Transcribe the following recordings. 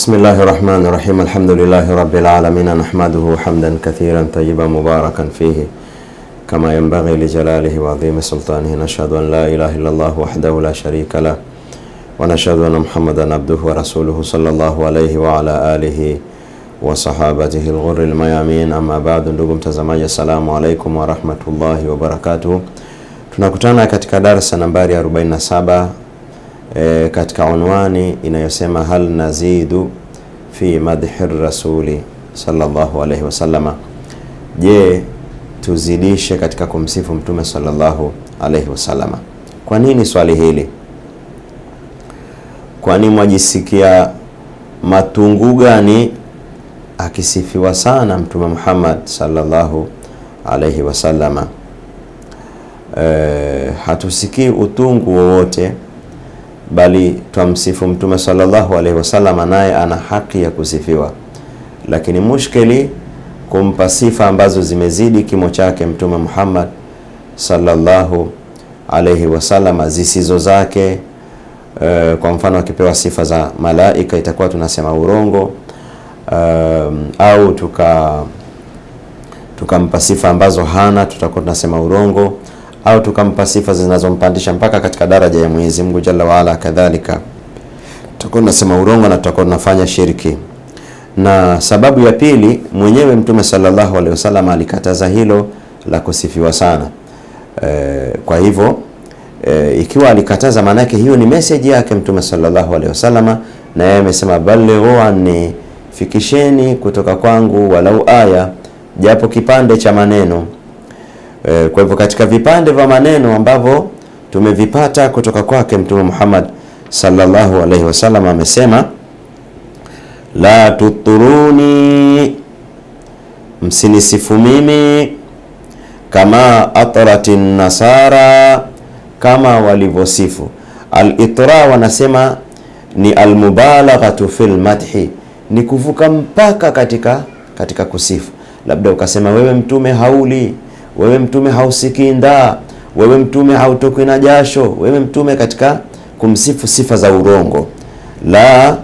Bismillahi rahmani rahim alhamdulillahi rabbil alamin nahmaduhu hamdan kathiran tayyiban mubarakan fihi kama yanbaghi li jalalihi wa adhimi sultanihi nashhadu an la ilaha illallah wahdahu la sharika lah wa nashhadu anna muhammadan abduhu wa rasuluhu sallallahu alayhi wa ala alihi wa sahabatihi al-ghurri al-mayamin amma ba'du ndugu mtazamaji assalamu alaykum wa rahmatullahi wa barakatuh tunakutana katika darasa nambari 47 e, katika unwani inayosema hal nazidu fi madhi rasuli sallallahu alayhi wasallama, je, tuzidishe katika kumsifu mtume sallallahu alayhi wasallama. Kwa nini swali hili? Kwani mwajisikia matungu gani akisifiwa sana Mtume Muhammad sallallahu alayhi wasallama? E, hatusikii utungu wowote bali twamsifu Mtume sallallahu alaihi wasallam, naye ana haki ya kusifiwa. Lakini mushkeli kumpa sifa ambazo zimezidi kimo chake Mtume Muhammad sallallahu alaihi wasallam zisizo zake. E, kwa mfano akipewa sifa za malaika itakuwa tunasema urongo. E, au tuka tukampa sifa ambazo hana tutakuwa tunasema urongo au tukampa sifa zinazompandisha mpaka katika daraja ya Mwenyezi Mungu Jalla waala. Kadhalika tutakuwa tunasema urongo na tutakuwa tunafanya shirki. Na sababu ya pili, mwenyewe Mtume sallallahu alaihi wasallam alikataza hilo la kusifiwa sana. E, kwa hivyo e, ikiwa alikataza, maana yake hiyo ni message yake Mtume sallallahu alaihi wasallam, na yeye amesema balighu anni, fikisheni kutoka kwangu walau aya, japo kipande cha maneno E, kwa hivyo katika vipande vya maneno ambavyo tumevipata kutoka kwake Mtume Muhammad sallallahu alaihi wasallam amesema, la tuturuni, msinisifu mimi, kama atrati nasara, kama walivyosifu. alitra wanasema ni almubalaghatu fil madhi, ni kuvuka mpaka katika katika kusifu. Labda ukasema wewe mtume hauli wewe mtume hausikinda ndaa, wewe mtume hautokwi na jasho, wewe mtume, katika kumsifu sifa za urongo. La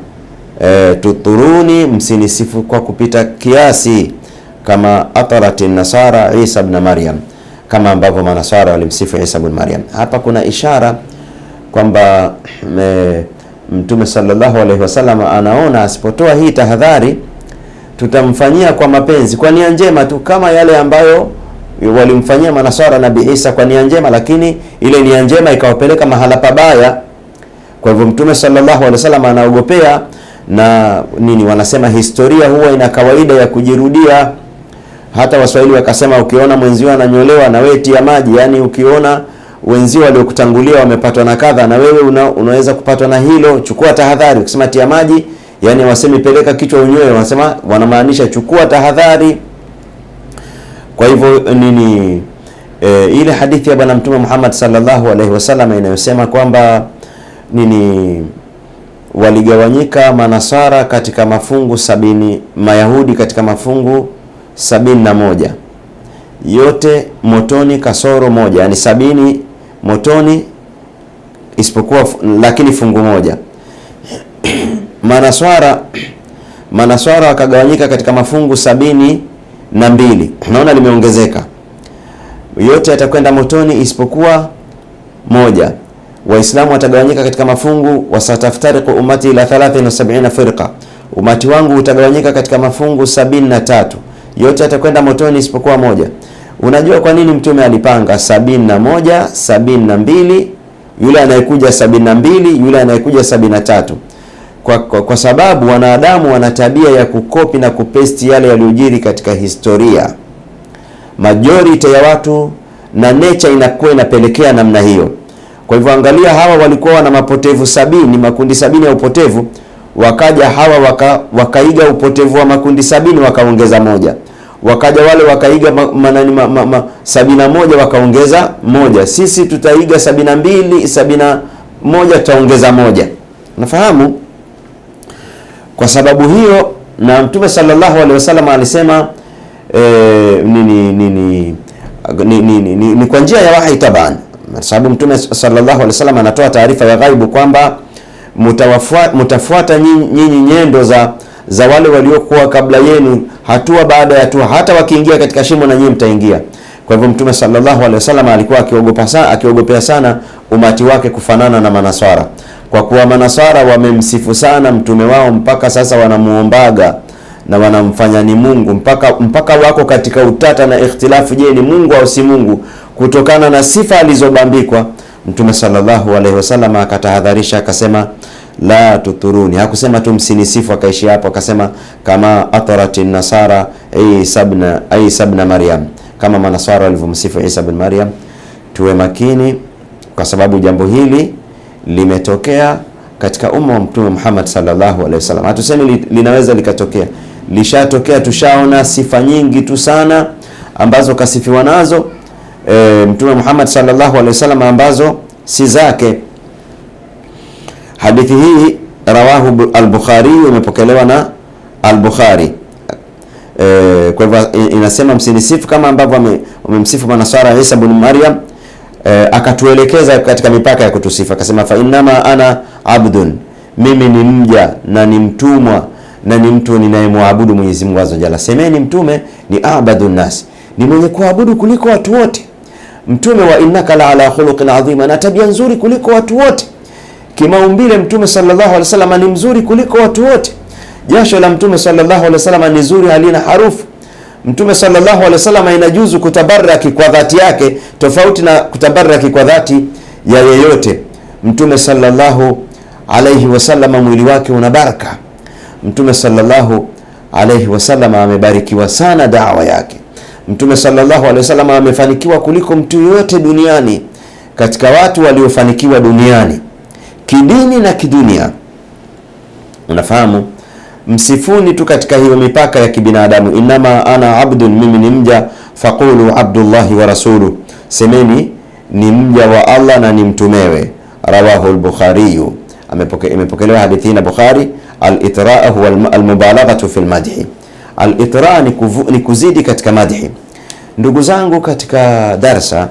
e, tuturuni, msinisifu kwa kupita kiasi, kama atarati nasara Isa ibn Maryam, kama ambavyo manasara walimsifu Isa ibn Maryam. Hapa kuna ishara kwamba e, mtume sallallahu alaihi wasallam anaona asipotoa hii tahadhari tutamfanyia kwa mapenzi, kwa nia njema tu, kama yale ambayo walimfanyia manasara Nabii Isa kwa nia njema, lakini ile nia njema ikawapeleka mahala pabaya. Kwa hivyo Mtume sallallahu alaihi wasallam anaogopea na nini, wanasema historia huwa ina kawaida ya kujirudia. Hata Waswahili wakasema ukiona mwenzio ananyolewa na wewe tia maji, yani ukiona wenzio waliokutangulia wamepatwa na kadha, na wewe una, unaweza kupatwa na hilo, chukua tahadhari. Ukisema tia maji, yani wasemi peleka kichwa unyoe, wanasema wanamaanisha chukua tahadhari. Kwa hivyo eh, nini e, ile hadithi ya Bwana Mtume Muhammad sallallahu alaihi wasallam inayosema kwamba nini waligawanyika manasara katika mafungu sabini, mayahudi katika mafungu sabini na moja yote motoni kasoro moja, yani sabini motoni isipokuwa lakini fungu moja. Manaswara manaswara wakagawanyika katika mafungu sabini na mbili. Naona limeongezeka. Yote yatakwenda motoni isipokuwa moja. Waislamu watagawanyika katika mafungu, wasataftariqu ummati ila 73 firqa, umati wangu utagawanyika katika mafungu sabini na tatu. Yote yatakwenda motoni isipokuwa moja. Unajua kwa nini Mtume alipanga sabini na moja, sabini na mbili, yule anayekuja sabini na mbili, yule anayekuja sabini na tatu kwa, kwa, kwa sababu wanadamu wana tabia ya kukopi na kupesti yale yaliyojiri katika historia. Majority ya watu na nature inakuwa inapelekea namna hiyo. Kwa hivyo, angalia hawa walikuwa wana mapotevu sabini, makundi sabini ya upotevu, wakaja hawa waka, wakaiga upotevu wa makundi sabini wakaongeza moja, wakaja wale wakaiga ma, manani, ma, ma, ma, sabina moja wakaongeza moja. Sisi tutaiga sabina mbili, sabina moja tutaongeza moja, nafahamu kwa sababu hiyo, na Mtume sallallahu alaihi wasallam alisema eh, ni, ni, ni, ni, ni, ni, ni kwa njia ya wahi taban, sababu Mtume sallallahu alaihi wasallam anatoa taarifa ya ghaibu kwamba mtafuata nyinyi nyendo za za wale waliokuwa kabla yenu, hatua baada ya hatua, hata wakiingia katika shimo na nyinyi mtaingia. Kwa hivyo Mtume sallallahu alaihi wasallam alikuwa akiogopa sana, akiogopea sana umati wake kufanana na Manaswara kwa kuwa manasara wamemsifu sana mtume wao mpaka sasa wanamuombaga na wanamfanya ni Mungu mpaka, mpaka wako katika utata na ikhtilafu, je, ni Mungu au si Mungu, kutokana na sifa alizobambikwa. Mtume sallallahu alaihi wasallam akatahadharisha akasema, la tuturuni. Hakusema tu msinisifu akaishia hapo, akasema kama atarati nasara Isa ibn Maryam, kama manasara walivyomsifu Isa ibn Maryam. Tuwe makini kwa sababu jambo hili limetokea katika umma wa Mtume Muhammad sallallahu alaihi wasallam. Hatusemi linaweza likatokea, lishatokea. Tushaona sifa nyingi tu sana ambazo kasifiwa nazo e, Mtume Muhammad sallallahu alaihi wasallam ambazo si zake. Hadithi hii rawahu al-Bukhari, imepokelewa na al-Bukhari. E, kwa hivyo inasema msinisifu kama ambavyo wamemsifu manaswara Isa bin Maryam eh, akatuelekeza katika mipaka ya kutusifa akasema, fa innama ana abdun, mimi ni mja na ni mtumwa na ni mtu ninayemwabudu Mwenyezi Mungu azza jalla. Semeni mtume ni abadun nas, ni mwenye kuabudu kuliko watu wote. Mtume wa innaka la ala khuluqin adhim, na tabia nzuri kuliko watu wote. Kimaumbile mtume sallallahu alaihi wasallam ni mzuri kuliko watu wote. Jasho la mtume sallallahu alaihi wasallam ni zuri halina harufu Mtume sallallahu alaihi wasallam inajuzu kutabaraki kwa dhati yake tofauti na kutabaraki kwa dhati ya yeyote. Mtume sallallahu alaihi wasallam mwili wake una baraka. Mtume sallallahu alaihi wasallam amebarikiwa sana dawa yake. Mtume sallallahu alaihi wasallam amefanikiwa kuliko mtu yoyote duniani, katika watu waliofanikiwa duniani kidini na kidunia. Unafahamu? msifuni tu katika hiyo mipaka ya kibinadamu. Innama ana abdun, mimi ni mja. Faqulu abdullahi wa rasulu, semeni ni mja wa Allah na ni mtumewe. Rawahu al-Bukhariyu, imepokelewa hadithi na Bukhari. al itraa huwa al-mubalaghatu fi al-madhi. al itraa ni, ni kuzidi katika madhi. Ndugu zangu katika darsa,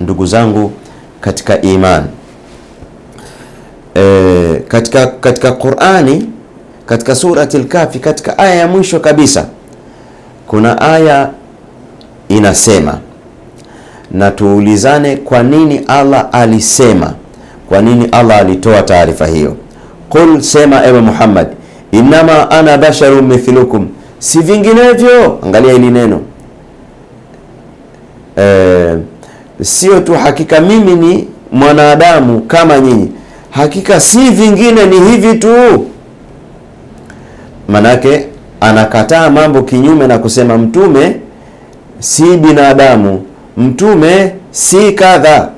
ndugu zangu katika iman e, katika katika Qur'ani katika surati al katika aya ya mwisho kabisa, kuna aya inasema, na tuulizane kwa nini Allah alisema, kwa nini Allah alitoa taarifa hiyo. Qul, sema ewe Muhammad, innama ana basharu mithlukum, si vinginevyo. Angalia hili neno e, sio tu hakika mimi ni mwanadamu kama nyinyi, hakika si vingine, ni hivi tu Manake anakataa mambo kinyume na kusema mtume si binadamu, mtume si kadha.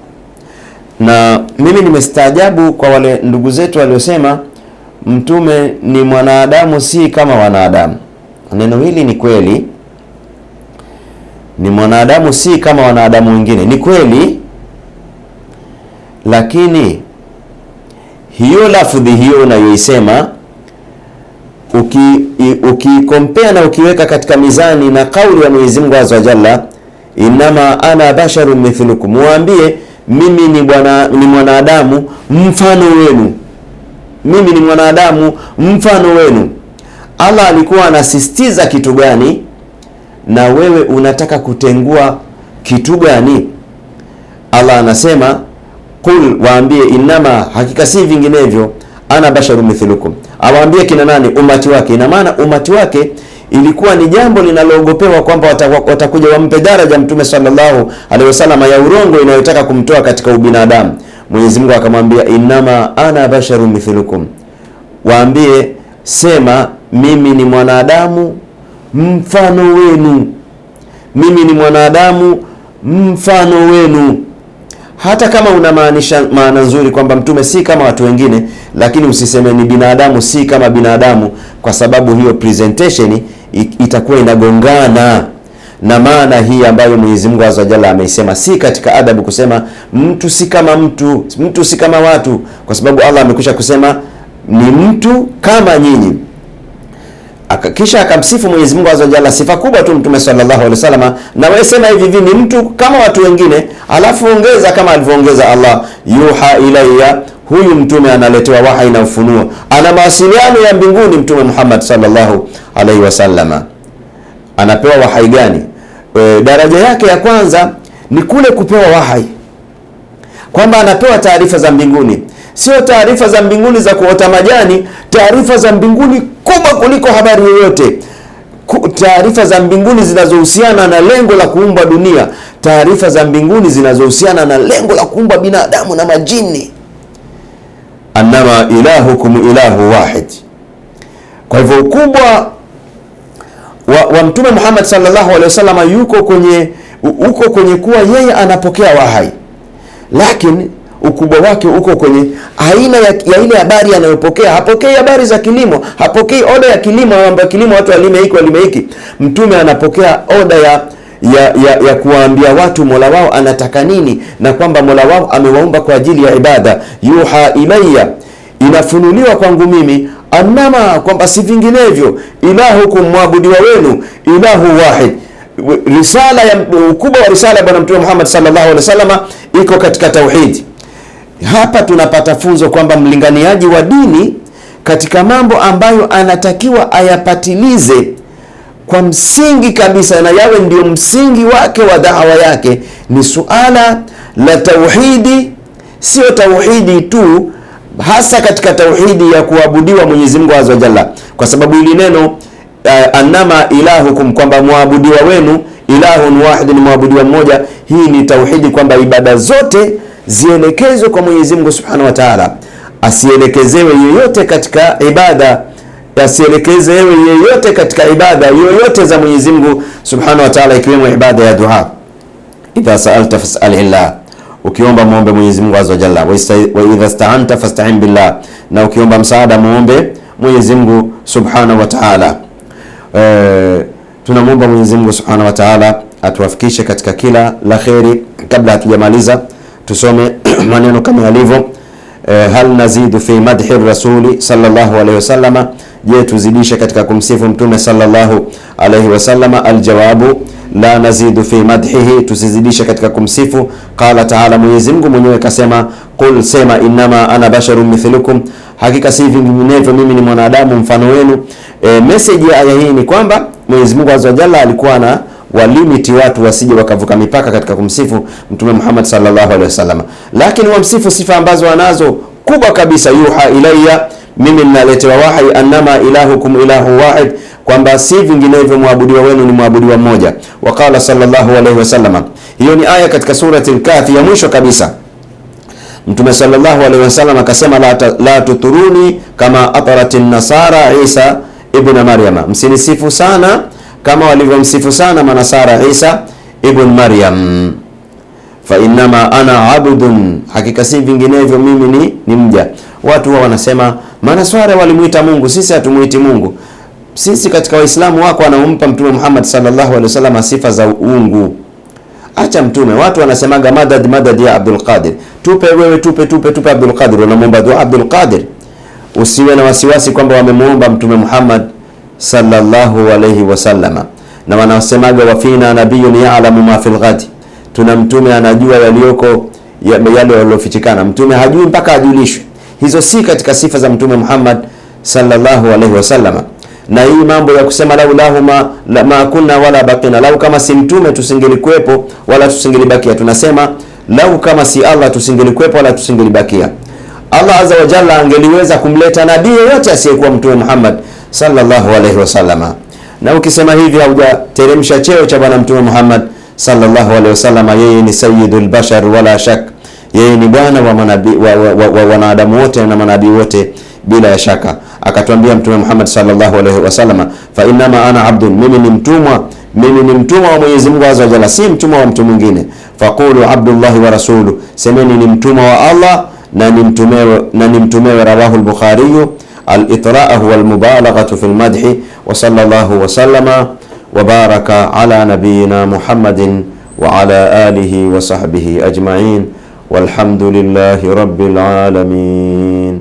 Na mimi nimestaajabu kwa wale ndugu zetu waliosema mtume ni mwanadamu si kama wanadamu. Neno hili ni kweli, ni mwanadamu si kama wanadamu wengine, ni kweli, lakini hiyo lafudhi hiyo unayoisema ukikompea uki na ukiweka katika mizani na kauli ya Mwenyezi Mungu azza jalla, inama ana basharun mithlukum, muambie mimi ni bwana ni mwanadamu mfano wenu, mimi ni mwanadamu mfano wenu. Allah alikuwa anasisitiza kitu gani na wewe unataka kutengua kitu gani? Allah anasema kul, waambie, inama, hakika si vinginevyo ana basharu mithlukum, awaambie kina nani? Umati wake. Ina maana umati wake ilikuwa ni jambo linaloogopewa kwamba watakuja wampe daraja Mtume sallallahu alaihi wasallam ya urongo inayotaka kumtoa katika ubinadamu. Mwenyezi Mungu akamwambia, innama ana basharu mithlukum, waambie sema, mimi ni mwanadamu mfano wenu, mimi ni mwanadamu mfano wenu hata kama unamaanisha maana nzuri kwamba mtume si kama watu wengine, lakini usiseme ni binadamu si kama binadamu, kwa sababu hiyo presentation itakuwa inagongana na maana hii ambayo Mwenyezi Mungu Azza Jalla ameisema. Si katika adabu kusema mtu si kama mtu, mtu si kama watu, kwa sababu Allah amekwisha kusema ni mtu kama nyinyi. Akakisha akamsifu Mwenyezi Mungu azza jalla sifa kubwa tu Mtume sallallahu alaihi wasallam, na wewe sema hivi hivi, ni mtu kama watu wengine, alafu ongeza kama alivyoongeza Allah, yuha ilayya Huyu mtume analetewa wahi na ufunuo, ana mawasiliano ya mbinguni. Mtume Muhammad sallallahu alaihi wasallam anapewa wahai gani? E, daraja yake ya kwanza ni kule kupewa wahai, kwamba anapewa taarifa za mbinguni, sio taarifa za mbinguni za kuota majani, taarifa za mbinguni kubwa kuliko habari yoyote, taarifa za mbinguni zinazohusiana na lengo la kuumba dunia, taarifa za mbinguni zinazohusiana na lengo la kuumba binadamu na majini. Annama ilahukum ilahu wahid. Kwa hivyo ukubwa wa, wa Mtume Muhammad sallallahu alaihi wasallam yuko kwenye uko kwenye kuwa yeye anapokea wahai lakini ukubwa wake uko kwenye aina ya, ya ile habari anayopokea. Hapokei habari za kilimo, hapokei oda ya kilimo kwamba kilimo watu walime hiki walime hiki. Mtume anapokea oda ya ya, ya, ya kuwaambia watu Mola wao anataka nini na kwamba Mola wao amewaumba kwa ajili ya ibada. Yuha ilayya, inafunuliwa kwangu mimi annama, kwamba si vinginevyo, ilahukum, mwabudiwa wenu, ilahu wahid risala ya ukubwa wa risala ya Bwana Mtume Muhammad sallallahu alaihi wasallam iko katika tauhidi. Hapa tunapata funzo kwamba mlinganiaji wa dini katika mambo ambayo anatakiwa ayapatilize kwa msingi kabisa na yawe ndio msingi wake wa dawa yake ni suala la tauhidi, sio tauhidi tu, hasa katika tauhidi ya kuabudiwa Mwenyezi Mungu azza jalla, kwa sababu hili neno uh, annama ilahukum, kwamba mwabudiwa wenu ilahun wahid, ni mwabudiwa mmoja. Hii ni tauhidi, kwamba ibada zote zielekezwe kwa Mwenyezi Mungu Subhanahu wa Ta'ala, asielekezewe yeyote katika ibada asielekezewe yeyote katika ibada yoyote za Mwenyezi Mungu Subhanahu wa Ta'ala, ikiwemo ibada ya dua. Idha sa'alta fas'al illah, ukiomba muombe Mwenyezi Mungu azza jalla. Wa idha sta'anta fasta'in billah, na ukiomba msaada muombe Mwenyezi Mungu Subhanahu wa Ta'ala. E, eh, tunamuomba Mwenyezi Mungu Subhanahu wa Ta'ala atuwafikishe katika kila la kheri. Kabla hatujamaliza tusome maneno kama yalivyo. E, hal nazidu fi madhi rasuli sallallahu alayhi wasallama, je tuzidishe katika kumsifu mtume sallallahu alayhi wasallama? Aljawabu la nazidu fi madhihi, tusizidishe katika kumsifu. Qala taala, Mwenyezi Mungu mwenyewe kasema, qul sema, innama ana basharun mithlukum, hakika si vinginevyo mimi ni mwanadamu mfano wenu. E, message ya aya hii ni kwamba Mwenyezi Mungu azza jalla alikuwa na walimiti watu wasije wakavuka mipaka katika kumsifu Mtume Muhammad sallallahu alaihi wasallam, lakini wamsifu sifa ambazo wanazo kubwa kabisa. Yuha ilayya, mimi ninaletewa wahi, annama ilahukum ilahu wahid, kwamba si vinginevyo mwabudiwa wenu ni mwabudiwa mmoja. Waqala sallallahu alaihi wasallam, hiyo ni aya katika surati al-Kahfi ya mwisho kabisa. Mtume sallallahu alaihi wasallam akasema, la, la tuturuni kama atarat nasara Isa ibn Maryama, msinisifu sana kama walivyomsifu sana manasara Isa ibn Maryam. Fa innama ana abdun, hakika si vinginevyo mimi ni, ni mja. Watu huwa wanasema manasara walimuita Mungu, sisi hatumuiti Mungu. Sisi katika Waislamu wako anampa Mtume Muhammad sallallahu alaihi wasallam sifa za uungu. Acha mtume, watu wanasemaga madad madad ya Abdul Qadir, tupe wewe, tupe tupe tupe Abdul Qadir. Unamwomba dua Abdul Qadir, usiwe na wasiwasi kwamba wamemuomba Mtume Muhammad sallallahu alayhi wasallama. Na wanasemaga wafina nabiyun ya'lamu ma fil ghadi, tuna mtume anajua yaliyoko yale yaliyofichikana. Mtume hajui mpaka ajulishwe. Hizo si katika sifa za Mtume Muhammad sallallahu alayhi wasallama. Na hii mambo ya kusema lau ma, la, ma kunna wala bakina, lau kama si mtume tusingelikuwepo wala tusingelibakia. Tunasema lau kama si Allah tusingelikuwepo wala tusingelibakia. Allah azza wa jalla angeliweza kumleta nabii yote asiyekuwa Mtume Muhammad sallallahu alaihi wasallama. Na ukisema hivi haujateremsha cheo cha Bwana Mtume Muhammad sallallahu alaihi wasallama. Yeye ni sayyidul bashar wala shak, yeye ni bwana wa manabii wa, wa, wa, wa wanadamu wote na manabii wote bila ya shaka. Akatwambia Mtume Muhammad sallallahu alaihi wasallama, fa innama ana abdun, mimi ni mtumwa mimi ni mtumwa wa Mwenyezi Mungu azza wa jalla, si mtumwa wa mtu mwingine. Faqulu abdullahi wa rasulu, semeni ni mtumwa wa Allah na ni mtumewe, na ni mtumewe. Rawahu al-Bukhari الإطراء هو المبالغة في المدح وصلى الله وسلم وبارك على نبينا محمد وعلى آله وصحبه أجمعين والحمد لله رب العالمين